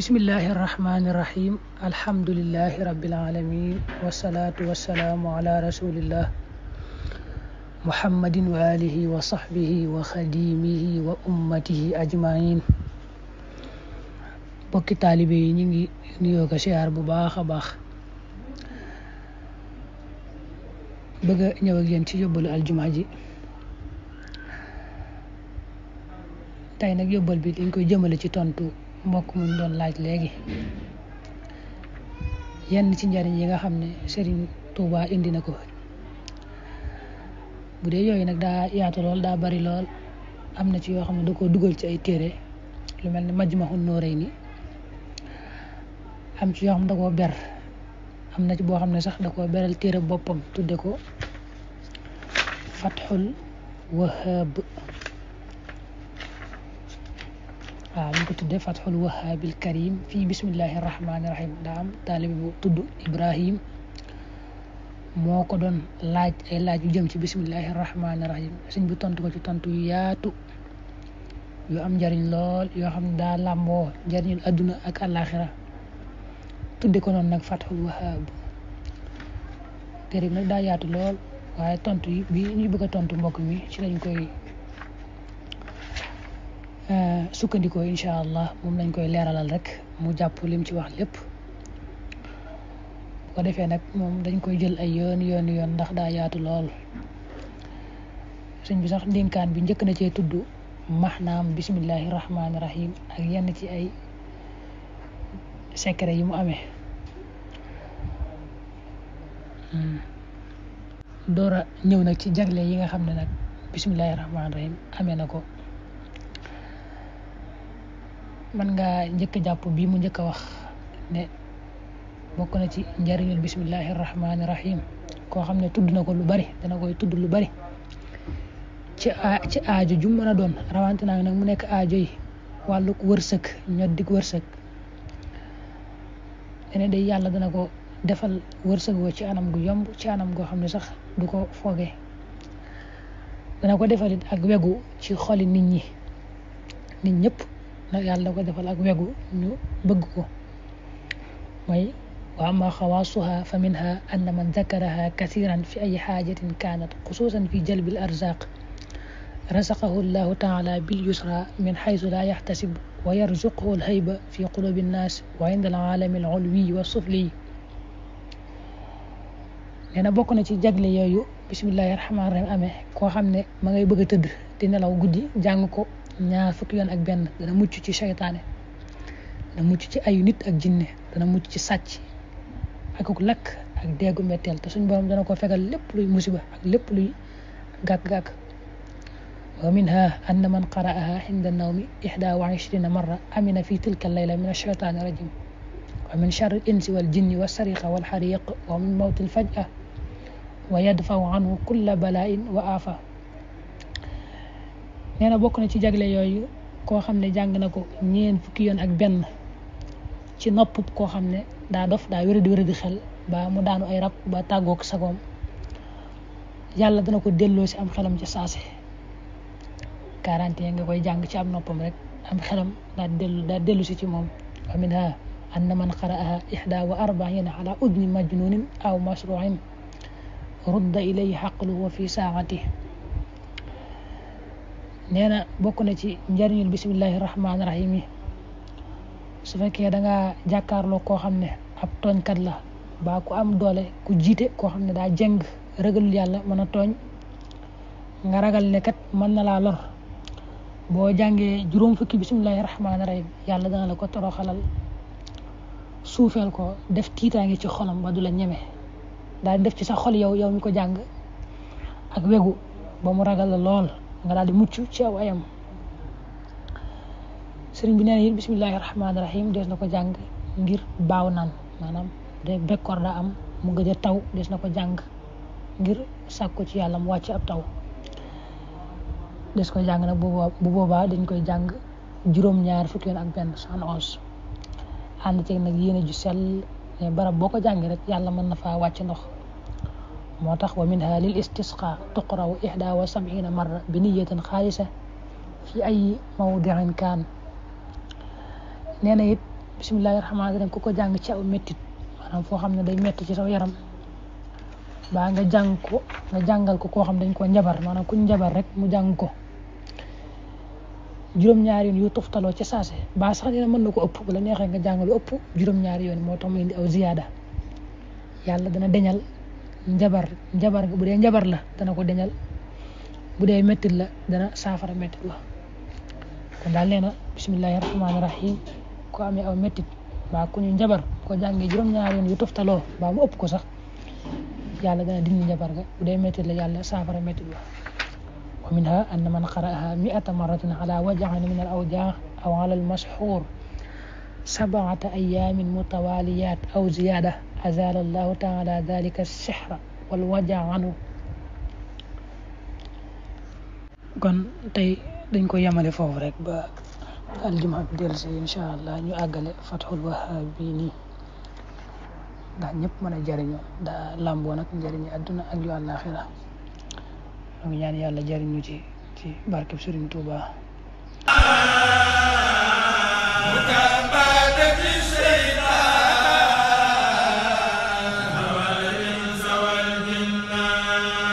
بسم الله الرحمن الرحيم الحمد لله رب العالمين والصلاة والسلام على رسول الله محمد وآله وصحبه وخديمه وأمته أجمعين بك طالبين نيوك سيار بباخ باخ بغا نيوك ينتي يبول الجمعة جي تاي نك يبول بيت انكو جمالة تي تونتو mbokk mu ñu doon laaj léegi yenn ci njariñ yi nga xam ne Serigne Touba indi na ko bu dee yooyu nag daa yaatu lool daa bari lool am na ci yoo xam ne da koo dugal ci ay téere lu mel ni Majmahun Nurayni am ci yoo xam ne da koo ber am na ci boo xam ne sax da koo beral téere boppam tudde ko Fathul Wahhab waaw ñu ko tuddee Fathul Wahaabil fii bismillahi rahmaani rahim daa am taalibe bu tudd Ibrahim moo ko doon laaj ay laaj yu jëm ci bismillahi rahmaani rahim sëñ bi tontu ko ci tontu yu yaatu yu am njariñ lool yoo xam ne daa làmboo njariñul adduna ak àllaaxira tudde ko noonu nag Fathul Wahaab téere nag daa yaatu lool waaye tontu yi bi ñu bëgg a tontu mbokk ci lañ koy. Eh, sukkandikoo incha allah moom lañ koy leeralal rek mu jàpp lim ci wax lépp bu ko defee nag moom dañ koy jël ay yoon yoon yoon ndax daa yaatu lool sëñ bi sax ndénkaan bi na rahim ak yenn ci ay secret yi mu amee hmm. dora ñëw nag ci jagle yi nga xam ne nag rahim amee na ko man nga njëkk a jàpp bii mu njëkk a wax ne bokk na ci njariñul bismillahi rahmaani rahim koo xam ne tudd na ko lu bari dana koy tudd lu bari ci ci aajo ju mën a doon rawante nag mu nekk aajo yi wàllu wërsëg ñoddik wërsëg dene day yàlla dana ko defal wërsëg woo ci anam gu yomb ci anam goo xam ne sax du ko foogee dana ko defalit ak wegu ci xoli nit ñi nit ñëpp nag yàlla da ko defal ak wegu ñu bëgg ko mooy wa amma xawaasuha fa minha anna man dakaraha kathiran fi ay xaajatin kaanat xusuusan fi jalbi al arzaq رزقه الله تعالى باليسرى من حيث لا يحتسب ويرزقه الهيبة في قلوب الناس وعند العالم العلوي والسفلي nee na bokk na ci jagle yooyu bismillahi rahmaani rahim amee koo xam ne ma ngay bëgg a tëdd di nelaw guddi jàng ko ñaar fukki yoon ak benn dana mucc ci seytaane dana mucc ci ayu nit ak jinne dana mucc ci sàcc ak ak lakk ak déggu metteel te suñ borom dana ko fegal lépp luy musiba ak lépp luy gàkk-gàkk wa minha anna man qara'aha inda nawmi ihda wa ishrina marra amina fi tilka layla min asheytaani rajim wa min charri al insi wal jinni wa sariqa wal xariq wa min mawti al faj'a wa yadfau anhu kulla bala'in wa afa neena bokku na ci jagle yooyu koo xam ne jàng na ko ñeen fukki yoon ak benn ci nopp koo xam ne daa dof daa wéradi wéradi xel ba mu daanu ay rab ba tàggook sagoom yàlla dana ko delloo si am xelam ci saase quarante nga koy jàng ci am noppam rek am xelam daa dellu daa dellu si ci moom wa minha anna man qara'aha ihda wa arbaina ala udni majnunin aw masruin rudda ilayhi xaqluhu wa fi saa'atihi nee na bokk na ci njariñul bisimillahi rahmaani rahim yi su fekkee da ngaa jàkkaarloo koo xam ne ab tooñkat la baa ku am doole ku jiite koo xam ne daa jëng ragalul yàlla mën a tooñ nga ragal ne kat mën na laa lor boo jàngee juróom fukki bisimillahi rahmaani rahim yàlla dana la ko xalal suufeel ko def tiitaange ci xolam ba du la ñeme daal def ci sa xol yow yow mi ko jàng ak wegu ba mu ragal la lool nga daal di mucc ci aw ayam sëriñ bi nee na rahim des na ko ngir baaw naan maanaam de bekkoor daa am mu gëj a taw des na ko jàng ngir sàkku ci mu ab taw des ko jàng nag bu boobaa dañ koy jang juróom-ñaar fukki yoon ak benn cent onze ànd ceeg nag yéene ju sell ya barab boo ko rek na fa wàcc ndox moo tax wa minha lil istisqa tuqraw ixda wa sabina marra bi niyatin xaalisa fi ay mawdiin kaan nee na it bismillahi rahmaani rahim ku ko jàng ci aw foo xam ne day ci saw yaram baa nga jàng ko jàngal ko koo xam dañ ko njabar maanaam kuñ njabar rek mu jàng ko juróom-ñaari yoon yu toftaloo ci saase ba sax dina mën na ko ëpp bu la neexee nga jàng lu ëpp juróom-ñaari yoon moo tax mu indi aw ziyaada yàlla dana deñal njabar njabar bu dee njabar la dana ko deñal bu dee mettit la dana saafara mettit la kon daal nee na bisimillahi rahmaani rahim ko amee aw mettit mbaa ku ñu njabar ko jàngee juróom-ñaari yoon yu toftaloo mbaa mu ëpp ko sax yàlla dana dindi njabar ga bu dee mettit la yàlla saafara mettit la wa minha anna man qara'aha mi'ata marratin ala waj'in min al aw ala mashxuur سبعة أيام متواليات أو زيادة أزال الله تعالى ذلك السحر والوجع عنه كون تي دنكو يمالي فوفرك با الجمعة بدلسي إن شاء الله نيو أغل فتح الوهابيني دا نيب مانا جارينيو دا لامبوناك جارينيو أدونا أجلو الآخرة نمي يعني يالا جارينيو تي تي باركب سورين توبا Thank Every